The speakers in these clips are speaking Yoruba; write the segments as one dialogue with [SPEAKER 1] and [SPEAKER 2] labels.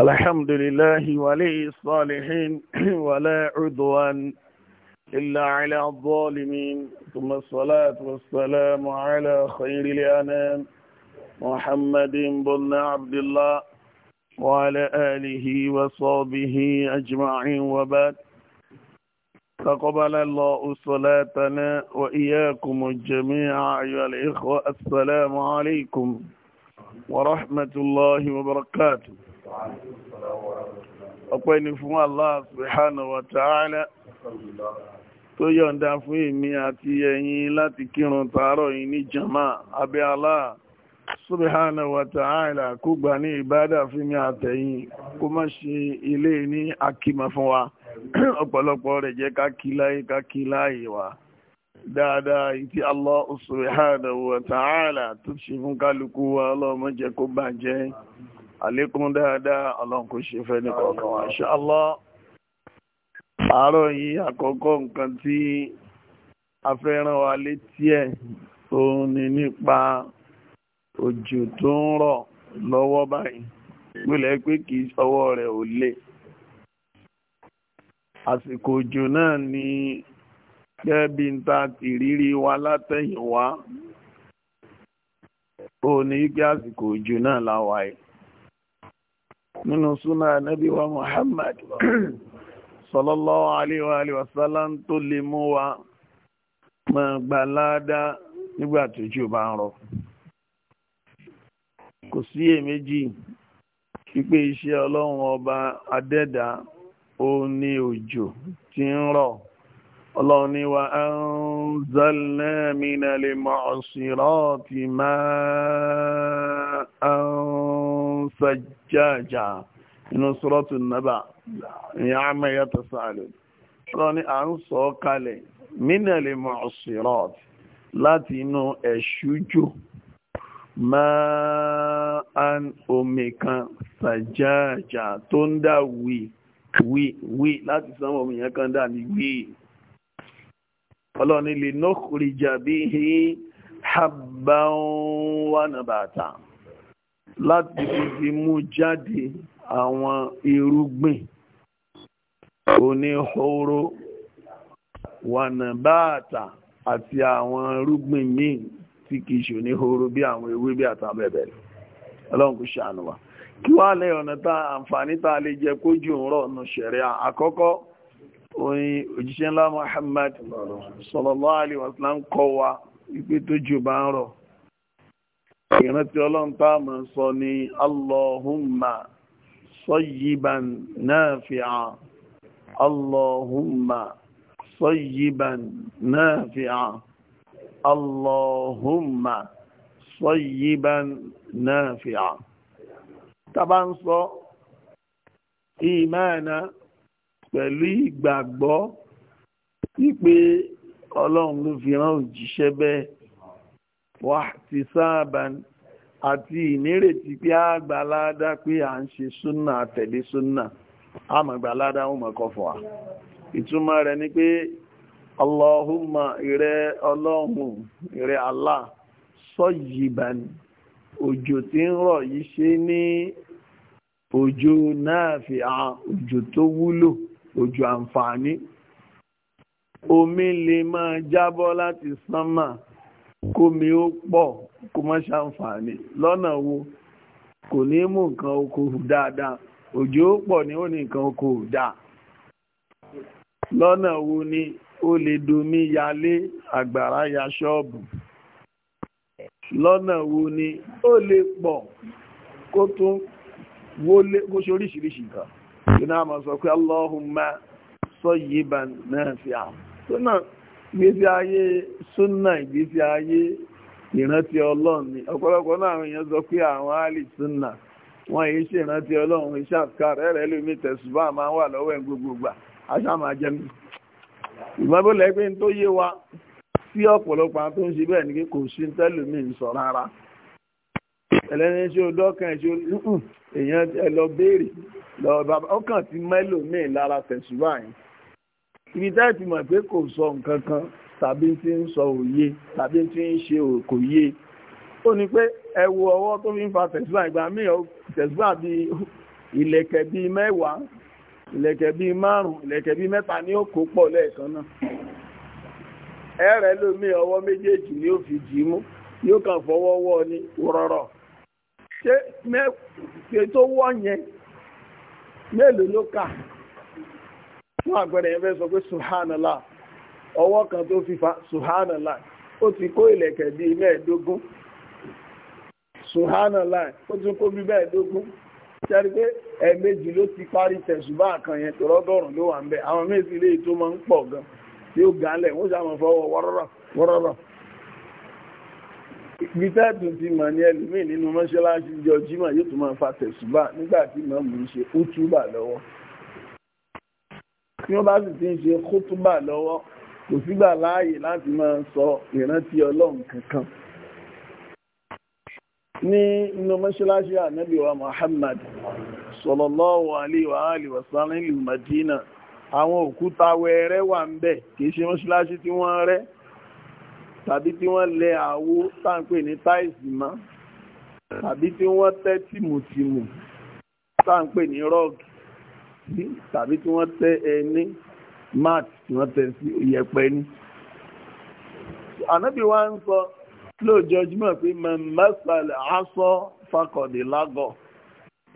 [SPEAKER 1] الحمد لله ولي الصالحين ولا عدوان إلا على الظالمين ثم الصلاة والسلام على خير الأنام محمد بن عبد الله وعلى آله وصحبه أجمعين وبعد تقبل الله صلاتنا وإياكم الجميع أيها الإخوة السلام عليكم ورحمة الله وبركاته ọ̀pọ̀ ni fún Allah subhanahu tó yọ̀ǹda fún èmi àti ẹ̀yin láti kírun tààrọ̀ yìí ní jama abẹ́ aláà. subhanahu wa ta'ala ní ìbádà fún mi àtẹ̀yin kó má ṣe ilé ní akíma wa ọ̀pọ̀lọpọ̀ rẹ̀ jẹ́ wa àlékún dáadáa ọlọ́run kò ṣe fẹ́ nìkọ̀ọ̀kan wa insha Allah àárọ̀ yìí àkọ́kọ́ nǹkan tí a fẹ́ rán wa létí ẹ̀ òun ni nípa òjò tó ń rọ̀ lọ́wọ́ báyìí gbọ́lẹ̀ pé kì í ọwọ́ rẹ̀ ò lè àsìkò òjò náà ni gẹ́gẹ́ bí n ta ìrírí wa látẹ̀yìnwá òun ni wípé àsìkò òjò náà la wà nínú súnà ànábì wa Muhammad sallallahu alaihi wa alihi wasallam tó lè mú wa mọ̀ gbàládá nígbà tó jù bá ń rọ kò sí èméjì wípé iṣẹ́ ọlọ́run ọba adẹ́dà ó ní òjò tí ń rọ̀ ọlọ́run ní wa anzalna minal mu'sirati máa ń sajjaja inú sọ́rọ́tù nábà ìyá àmẹ́yà tasaalun lọ ni à ń sọ kalẹ̀ mínàlè mọ̀ọ́sírọ́t láti inú ẹ̀ṣújò máa ń omi kan sajjaja tó ń dà wí wí wí láti sánmọ̀ omi yẹn kan dà ní wí ọlọ́ni lè nọ́kùrìjà bí i habban wa nabata láti fi mú jáde àwọn irúgbìn oníhóró wànàbáàtà àti àwọn irúgbìn míì tí kìí ṣe oníhóró bí àwọn ewé àtàbẹ̀bẹ̀rẹ̀ ọlọ́run kò ṣàánú wa kí wá lẹ́ ọ̀nà tá àǹfààní tá a lè jẹ kójú òǹrọ̀ ọ̀nà ṣẹ̀rẹ̀ àkọ́kọ́ oyin òjíṣẹ́ ńlá Muhammad sallallahu alaihi wasallam ń kọ́ wa wípé tójú bá ń rọ̀ ìrántí ọlọ́run tá a máa sọ ní allahumma sọ́yìíban nafi'a allahumma sọ́yìíban nafi'a allahumma sọ́yìíban nafi'a tàbá ń sọ ìmáàna pẹ̀lú ìgbàgbọ́ wípé ọlọ́run ló fi rán òjíṣẹ́ bẹ́ẹ̀ wahtisaban àti ìnírètí pé a gbà ládá pé à ń ṣe súnà àtẹ̀lé súnà a mọ̀ gbà ládá wọn mọ̀kọ́ fọ́ wa ìtumọ̀ rẹ̀ ni pé Allahumma ìrẹ ọlọ́hun ìrẹ Allah sọ́yìnbàn òjò tí ń rọ̀ yìí ṣe ní òjò náà fi hàn òjò tó wúlò òjò àǹfààní omi lè máa jábọ́ láti sánmà kómi ó pọ̀ kó má ṣàǹfààní lọ́nà wo kò ní mú nǹkan oko hù dáadáa òjò ó pọ̀ ní ó ní nǹkan oko hù lọ́nà wo ni ó lè domi àgbàrá ya ṣọ́ọ̀bù lọ́nà wo ni ó lè pọ̀ kó tún wólé kó ṣe oríṣiríṣi náà sọ pé Allahumma sayyiban nafi'a tó náà ìgbésí ayé súnà ìgbésí ayé ìrántí ọlọ́run ni ọ̀pọ̀lọpọ̀ náà àwọn èèyàn sọ pé àwọn àlì súnà wọ́n yìí ṣe ìrántí ọlọ́run iṣẹ́ àkàrẹ́ rẹ̀ lómi tẹ̀sùbá máa wà lọ́wọ́ ẹ̀ gbogbogbà aṣá máa jẹ́ mi tó yé wa sí ọ̀pọ̀lọpọ̀ àwọn tó ń ṣe bẹ́ẹ̀ ni kò sí tẹ́lómi ń sọ rárá ẹlẹ́ni ṣe ọdọ́kan ẹ̀ ṣe èèyàn ẹ lọ béèrè lọ bàbá ọkàn ti mẹ́lòmíì lára tẹ̀sùbá yìí ibi tẹ́ ti mọ̀ pé kò sọ nǹkan kan tàbí tí ń sọ òye tàbí tí ń ṣe kò yé ó ní pé ẹ wo ọwọ́ tó fi ń fa tẹ̀síwá ìgbà míì tẹ̀síwá bí ìlẹ̀kẹ̀ bí mẹ́wàá ìlẹ̀kẹ̀ bí márùn ìlẹ̀kẹ̀ bí mẹ́ta ni ó kó pọ̀ lẹ́ẹ̀kan náà ẹ rẹ̀ lómi ọwọ́ méjèèjì ni ó fi jì í mú yóò kàn fọwọ́ wọ́ ni rọ̀rọ̀ ṣé tó wọ́ yẹn mélòó ló kà fún àpẹẹrẹ yẹn fẹ́ sọ pé subhanallah ọwọ́ kan tó fi fa subhanallah ó ti kó ìlẹ̀kẹ̀ bíi mẹ́ẹ̀ẹ́dógún subhanallah ó tún kó bíi mẹ́ẹ̀ẹ́dógún sẹ́ni pé ẹ̀ẹ̀mejì ló ti parí tẹ̀sùbá kan yẹn tó rọ́gọ́rùn ló wà ń bẹ̀ àwọn méjì lè tó máa ń pọ̀ gan tí ó ga lẹ̀ wọ́n sàmọ̀ fọwọ́ wọ́rọ́rọ̀ wọ́rọ́rọ̀ ibi tẹ́ẹ̀dùn ti mọ̀ ní ẹlòmíì nínú mọ́ṣáláṣí jọ yóò tún máa fa tẹ̀sùbá nígbà tí màmú ń ṣe útúbà lọ́wọ́ tí wọ́n bá sì ti ń ṣe kútúbà lọ́wọ́ kò sígbà láàyè láti máa sọ ìrántí ọlọ́run kankan ní inú mọ́ṣáláṣí ànábì wa Muhammad sallallahu alaihi wa alihi wa sallam ìlú Madina àwọn òkúta wẹ́ẹ́rẹ́ wà ń bẹ̀ kìí ṣe mọ́ṣáláṣí tí wọ́n rẹ́ tàbí tí wọ́n lẹ àwo táǹpé ní táìsì mọ́ tàbí tí wọ́n tẹ́ tìmùtìmù táǹpé ní rọ́ọ̀gì sí tàbí tí wọ́n tẹ́ ẹni mat tí wọ́n tẹ́ sí ìyẹ̀pẹ̀ ni. ànábì wa ń sọ lóòjọ́ jùmọ̀ pé mẹ́sàlẹ̀ aṣọ fakọ̀dé lágọ̀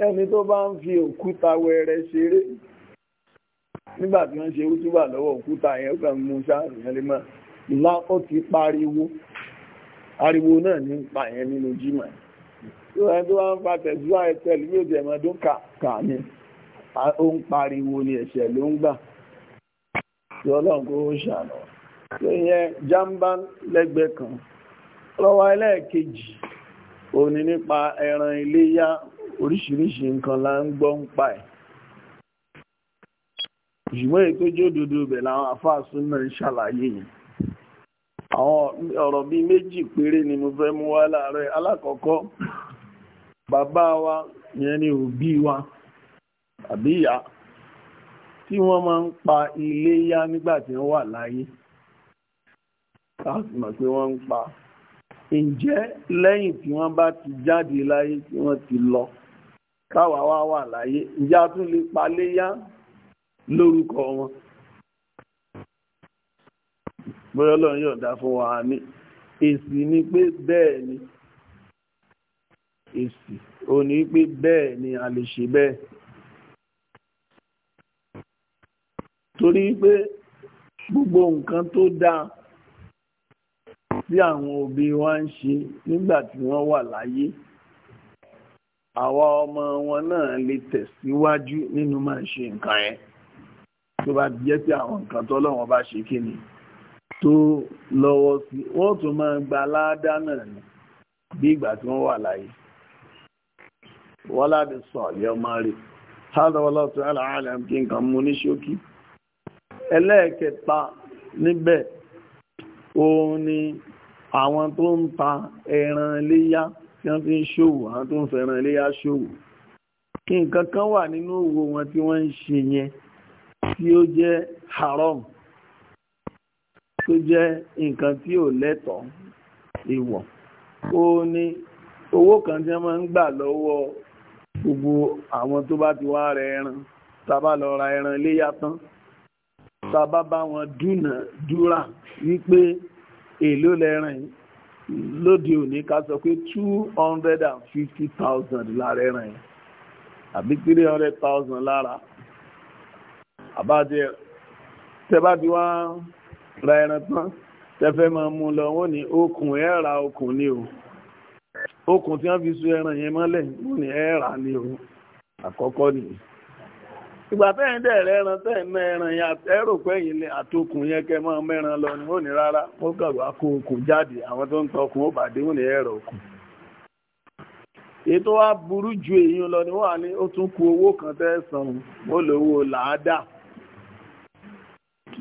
[SPEAKER 1] ẹni tó bá ń fi òkúta wẹrẹ ṣeré nígbà tí wọ́n ṣe wútúbà lọ́wọ́ òkúta yẹn ó kàn mú sáàrùn yẹn lé mọ́ ìlà ó ti pariwo ariwo náà ní pa yẹn nínú jimá tí wọ́n tó wá ń fa tẹ̀síwá ẹ̀tẹ́lú yóò jẹ̀mọ́ dún kà ní ó ń pariwo ni ẹ̀ṣẹ̀ ló ń gbà tí ọlọ́run kó ṣàlọ́ tó yẹ jàmbá lẹ́gbẹ̀ẹ́ kan lọ́wọ́ ẹlẹ́ẹ̀kejì òní nípa ẹran iléyá oríṣiríṣi nǹkan la ń gbọ́ ń pa ẹ̀ ṣùgbọ́n ètò jódodo bẹ̀ làwọn àfáàsùn náà ń ṣàlàyé yìí àwọn ọ̀rọ̀ bíi méjì péré ni mo fẹ́ mú wá láàárọ̀ alákọ̀ọ́kọ́ bàbá wa yẹn ni òbí wa àbí ìyá tí wọ́n máa ń pa iléyá nígbà tí wọ́n wà láyé láti mọ̀ pé wọ́n ń pa ǹjẹ́ lẹ́yìn tí wọ́n bá ti jáde láyé tí wọ́n ti lọ káwa wá wà láyé ǹjẹ́ a tún lè pa léyá lórúkọ wọn bóyá ọlọ́run yọ̀ǹda fún wa ní èsì ni pé bẹ́ẹ̀ ni èsì ò ní pé bẹ́ẹ̀ ni a lè ṣe bẹ́ẹ̀ torí pé gbogbo nǹkan tó dáa tí àwọn òbí wa ń ṣe nígbà tí wọ́n wà láyé àwa ọmọ wọn náà lè tẹ̀síwájú nínú máa ṣe nǹkan yẹn tó bá jẹ́ pé àwọn nǹkan tó lọ́wọ́n bá ṣe kí ni tó lọ́wọ́ sí wọ́n tún máa gba aládá náà ni bí ìgbà tí wọ́n wà láyé wọ́n láti sọ̀lẹ̀ ọmọ rẹ̀ hádọ́wọ́lọ́tún aláàlẹ́ kí nǹkan mú ní ṣókí ẹlẹ́ẹ̀kẹta níbẹ̀ òun ni àwọn tó ń ta ẹran iléyá tí wọ́n fi ń ṣòwò àwọn tó ń fẹ̀ràn iléyá ṣòwò kí nǹkan kan wà nínú òwò wọn tí wọ́n ń ṣe yẹn tí ó jẹ́ haram tó jẹ́ nǹkan tí ò lẹ́tọ̀ọ́ ìwọ̀ ó ní owó kan tí wọ́n máa ń gbà lọ́wọ́ gbogbo àwọn tó bá ti wá ra ẹran tá a bá lọ ra ẹran iléyá tán bàbá bá wọn dúnàádúrà wípé èló lẹ́rìn lóde òní ká sọ pé two hundred and fifty thousand lára ẹ̀rìn àbí three hundred thousand lára àbájẹ tẹ́bàbí wá ra ẹran tán tẹ́fẹ́ máa mú lọ wọ́n ní okùn ẹ̀ ra okùn ni o okùn tí wọ́n fi so ẹran yẹn mọ́lẹ̀ wọ́n ní ẹ̀ rà ni o àkọ́kọ́ nìyí. ìgbà tẹ́yìn dẹ̀rẹ̀ ẹran tẹ́yìn náà ẹran ya ẹrò pẹ́yìn lé àtòkùn yẹn kẹ máa mẹ́ran lọ ni ó rárá ó jáde àwọn tó ń tọkùn ó bàdé ẹrọ ètò wa burú ju èyí lọ ni wà ní ó tún ku owó kan tẹ́ san ó lówó làádà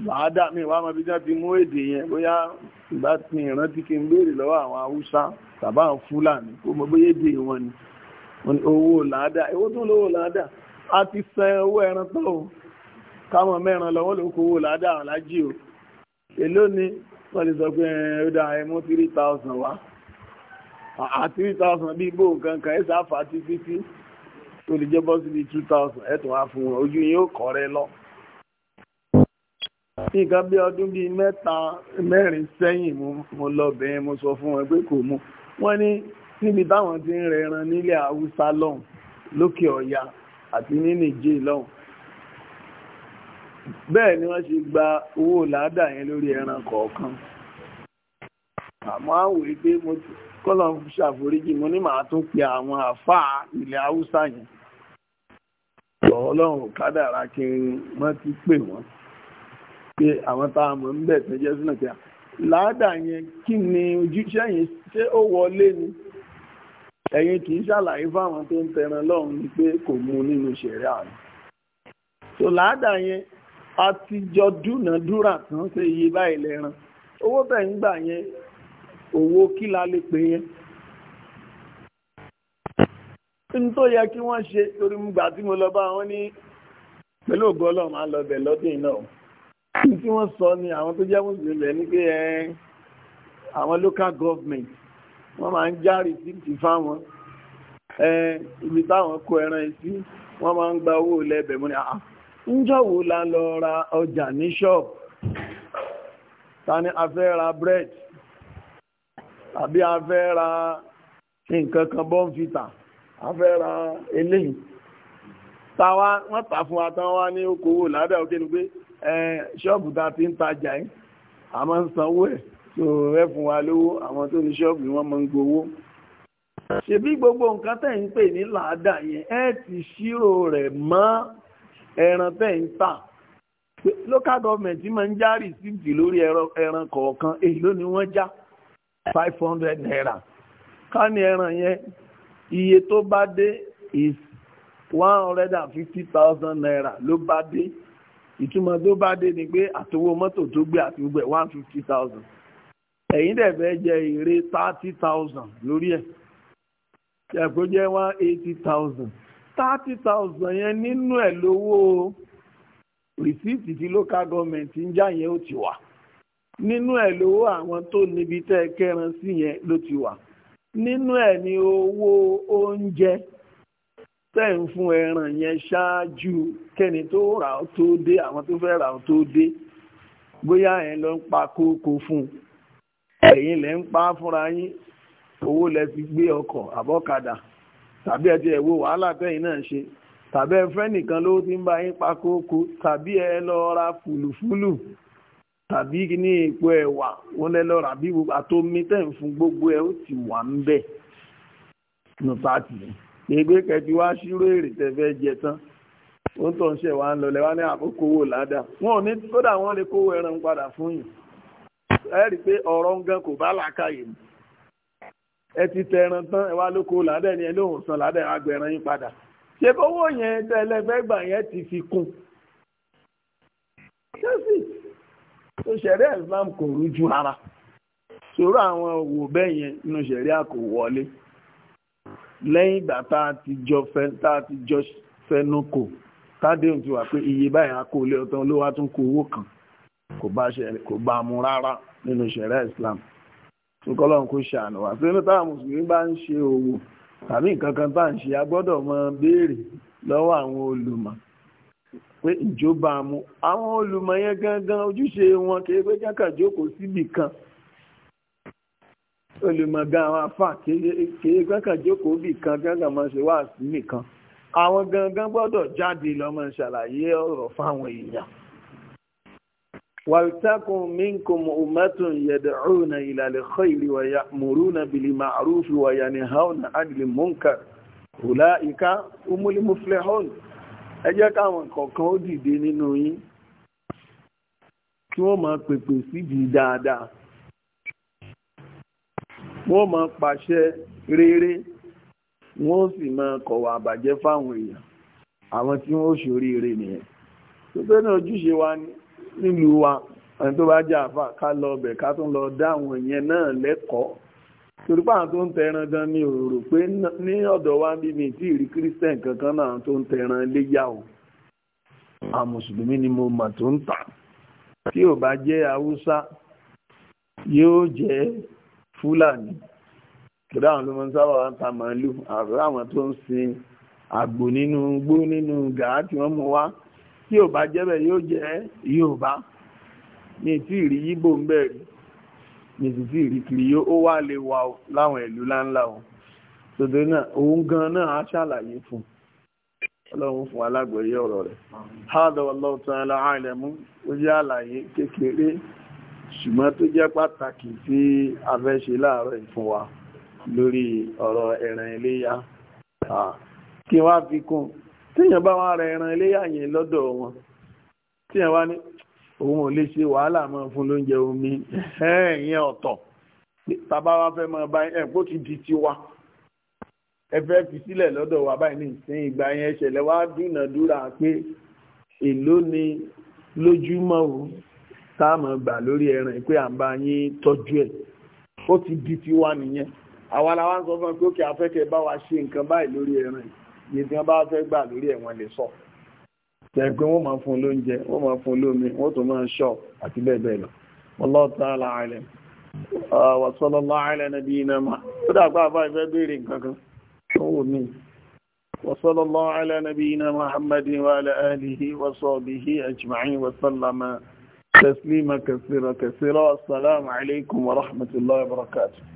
[SPEAKER 1] làádà mi wàá mọ ti mú èdè yẹn bóyá ìgbà tí ìrántí kí n béèrè àwọn haúsá tàbá fúlàní kó a ti san owó ẹran tán o káwọn mẹ́ran lọ́wọ́ ló kó owó ládà lájì o èló ni wọ́n lè sọ pé ó dá ẹ mú three thousand wá à three thousand bíi bó nǹkan kan ẹ sáfà títí tí tó lè jẹ́ bọ́ síbi two thousand ẹ tún wá fún wọn ojú yín ó kọ́ rẹ lọ nǹkan bí ọdún bíi mẹ́ta mẹ́rin sẹ́yìn mo lọ bẹ̀yẹn mo sọ fún wọn pé kò mú wọ́n ní níbi táwọn ti ń rẹran nílẹ̀ haúsá lọ́hùn lókè ọ̀yà àti ní nìjì lọ́hùn bẹ́ẹ̀ ni wọ́n ṣe gba owó làádà yẹn lórí ẹran kọ̀ọ̀kan àmọ́ àwòrán pé mo ti kọ́lọ̀ ṣàforíjì mo ní màá tún pe àwọn àfáà ilẹ̀ haúsá yẹn ọlọ́run kádàrá kí wọ́n ti pè wọ́n pé àwọn tá mọ̀ ń bẹ̀ tẹ́jẹ́ sínú pé làádà yẹn kí ni ojúṣe yẹn ṣé ó wọlé ni ẹ̀yin kì í ṣàlàyé fáwọn tó ń tẹran lọ́hùn ni pé kò mú nínú ṣẹ̀rí àná tó láàdà yẹn a ti jọ dúnàdúrà kan ṣe iye báyìí lẹ́ran owó tẹ̀ ń gbà yẹn owó kí la lè pè yẹn n tó yẹ kí wọ́n ṣe torí mo gbà tí mo lọ bá wọn ní pẹ̀lú ògo Ọlọ́run máa lọ bẹ̀ lọ́dún náà n tí wọ́n sọ ni àwọn tó jẹ́ mùsùlùmí lẹ́ ní pé àwọn local government wọ́n máa ń já rìsíìtì fáwọn ibi táwọn kó ẹran sí wọ́n máa ń gba owó lẹ́bẹ̀ mú ní àá ah, ń jọ̀wọ́ la ra ọjà ní ṣọ́ọ̀bù ta ni a ra bread àbí a fẹ́ ra nǹkan kan bọ́ǹfìtà a fẹ́ ra eléyìí tàwa wọ́n tà fún wa tán wá ní okòwò lábẹ́ òkè ni pé ṣọ́ọ̀bù ta ti ń tajà yìí a máa ń sanwó ẹ̀ tó rẹ́ fún wa lówó àwọn tó ní ṣọ́ọ̀bù wọ́n máa ń gbowó ṣebí gbogbo nǹkan tẹ́ ń pè ní làádà yẹn ẹ ti ṣírò rẹ̀ mọ́ ẹran tẹ́ ń tà local government máa ń já rìsíìtì lórí ẹran kọ̀ọ̀kan èyí ló ní wọ́n já five hundred naira ká ní ẹran yẹn iye tó bá dé is one hundred and fifty thousand naira ló bá dé ìtumọ̀ tó bá dé ni pé àtowó mọ́tò tó gbé àti gbogbo one fifty thousand ẹ̀yin dẹ̀ bẹ́ẹ̀ jẹ èrè thirty thousand lórí ẹ̀ ẹ̀kọ́ jẹ́ one eighty thousand thirty thousand yẹn nínú ẹ̀ lówó rìsíìtì tí local government ń já yẹn ó ti wà nínú ẹ̀ lówó àwọn tó níbi tẹ́ kẹran sí yẹn ló ti wà nínú ẹ̀ ni owó oúnjẹ tẹ́ ń fún ẹran yẹn ṣáájú kẹ́ni tó rà ó tó dé àwọn tó fẹ́ rà ó tó dé bóyá ẹ̀ lọ ń pa kókó fún un ẹ̀yin lẹ́ ń pa fúnra yín owó lẹ fi gbé ọkọ̀ àbọ̀kadà tàbí ẹ ti ẹ̀ wo wàhálà tẹ́yìn náà ṣe tàbí ẹ fẹ́ nìkan ló ti ń bá yín pa kókó tàbí ẹ lọ ra fùlùfúlù tàbí ní epo ẹ̀wà wọn lẹ lọ rà bí àtomi tẹ̀ ń fún gbogbo ẹ ó ti wà ń bẹ̀ nù pàtì gbégbé kẹtì wá ṣírò èrè tẹ̀fẹ́ jẹ tán ó ń tọ̀ ń ṣẹ̀ wá ń lọlẹ̀ wá ní àkókò wò ládàá wọn ò ní kódà wọn lè kówó ẹran padà fún yìí ẹ rí i pé ọ̀rọ̀ ń gan kò bá làákàyè mu ẹ ti tẹran tán ẹ wá lóko làádẹ́ ni ẹ lóhùn san làádẹ́ agbẹ̀rán yín padà ṣé kówó yẹn tẹ́lẹ̀fẹ́ gbà yẹn ti fi kún ṣẹ́sì tó ṣẹ̀rí Islam kò rújú ara ṣòro àwọn òwò bẹ́ẹ̀ yẹn nínú ṣẹ̀rí àkò wọlé lẹ́yìn ìgbà tá a ti jọ fẹ́ tá a ti jọ fẹnu kò tádéhùn ti wà pé iye báyìí a kò lé ọ̀tàn ló wá tún kó owó kan kò bá mu rárá nínú ṣẹ̀rẹ́ Islam nkọ́lọ́n kò ṣàánú wá sínú táwọn mùsùlùmí bá ń ṣe òwò tàbí nǹkan kan bá ń ṣe a gbọ́dọ̀ mọ béèrè lọ́wọ́ àwọn olùmọ̀ pé bá mu àwọn olùmọ̀ yẹn gangan ojúṣe wọn kì í pé jákà jókòó síbì kan olùmọ̀ gan àwọn afá kì í jákà jókòó bì kan jákà máa ṣe wá sí nìkan àwọn gangan gbọ́dọ̀ jáde lọ́mọ ṣàlàyé ọ̀rọ̀ fáwọn èèyàn. ولتكن منكم أمة يدعون إلى الخير ويأمرون بالمعروف وينهون عن المنكر أولئك هم المفلحون ẹ jẹ́ káwọn kọ̀ọ̀kan ó dìde nínú yín kí wọ́n máa pèpè síbi dáadáa wọ́n máa pàṣẹ rere wọ́n sì máa kọ̀wọ̀ àbàjẹ́ fáwọn èèyàn àwọn tí wọ́n ó ṣoríire nìyẹn tó bẹ́ẹ̀ ní ojúṣe wa ni nílùú wa ẹni tó bá jẹ́ àfà ká lọ ọbẹ̀ ká tún lọ dá àwọn yẹn náà lẹ́kọ̀ọ́ torí pé àwọn tó ń tẹran gan ni òrò pé ní ọ̀dọ̀ wa bí mi tí ìrí kírísítẹ̀n kankan náà tó ń tẹran léyà o àwọn mùsùlùmí ni mo mà tó ń tà tí ò bá jẹ́ haúsá yóò jẹ́ fúlàní kìlá àwọn ló máa sábà wá ń màálù àwọn tó ń sin àgbò nínú gbó nínú gàá tí wọ́n mú wá tí ò bá jẹ́bẹ̀ yóò jẹ́ Yorùbá ní tí ìrí yíbò ń bẹ̀rẹ̀ ní tí tí ìrí kiri yóò ó wá lè wà láwọn ìlú láńlá o tòdó náà òun gan náà á ṣàlàyé fún ọlọ́run fún alágbèéyé ọ̀rọ̀ rẹ̀ hádọ̀ wallahu ta'ala a'lamu ó jẹ́ àlàyé kékeré ṣùgbọ́n tó jẹ́ pàtàkì tí a fẹ́ ṣe láàárọ̀ ìfún wa lórí ọ̀rọ̀ ẹran iléyá kí wá fi kún tíyàn bá wọn ra ẹran iléyà yẹn lọ́dọ̀ wọn tíyàn wá ní òun ò lè ṣe wàhálà mọ́ fún lóúnjẹ omi ìyẹn ọ̀tọ̀ bàbá wa fẹ́ mọ báyìí ẹ̀ kó ti di tiwa ẹ fẹ́ fi sílẹ̀ lọ́dọ̀ wa báyìí ní ìsìn ìgbà yẹn ṣẹlẹ̀ wá dúnàdúrà pé èló ni lójúmọ́ o tá a mọ̀ gbà lórí ẹran pé à ń bá yín tọ́jú ẹ̀ ó ti di tiwa nìyẹn àwa la wá ń sọ fún ẹ pé ó afẹ́kẹ́ bá wa ṣe nǹkan báyìí lórí ẹran yìí iye tí wọ́n bá fẹ́ gbà lórí ẹ̀ wọ́n lè sọ jẹ́ pé wọ́n máa fún lóúnjẹ wọ́n máa fún lómi wọ́n tó máa ṣọ́ àti bẹ́ẹ̀ bẹ́ẹ̀ lọ wallahu ta'ala alim wa sallallahu ala nabiyyina ma ó dàgbà bá ìfẹ́ béèrè nǹkan kan tó wù mí wa sallallahu ala nabiyyina muhammadin wa ala alihi wa sahbihi ajma'in wa sallama تسليما كثيرا كثيرا السلام عليكم ورحمة الله وبركاته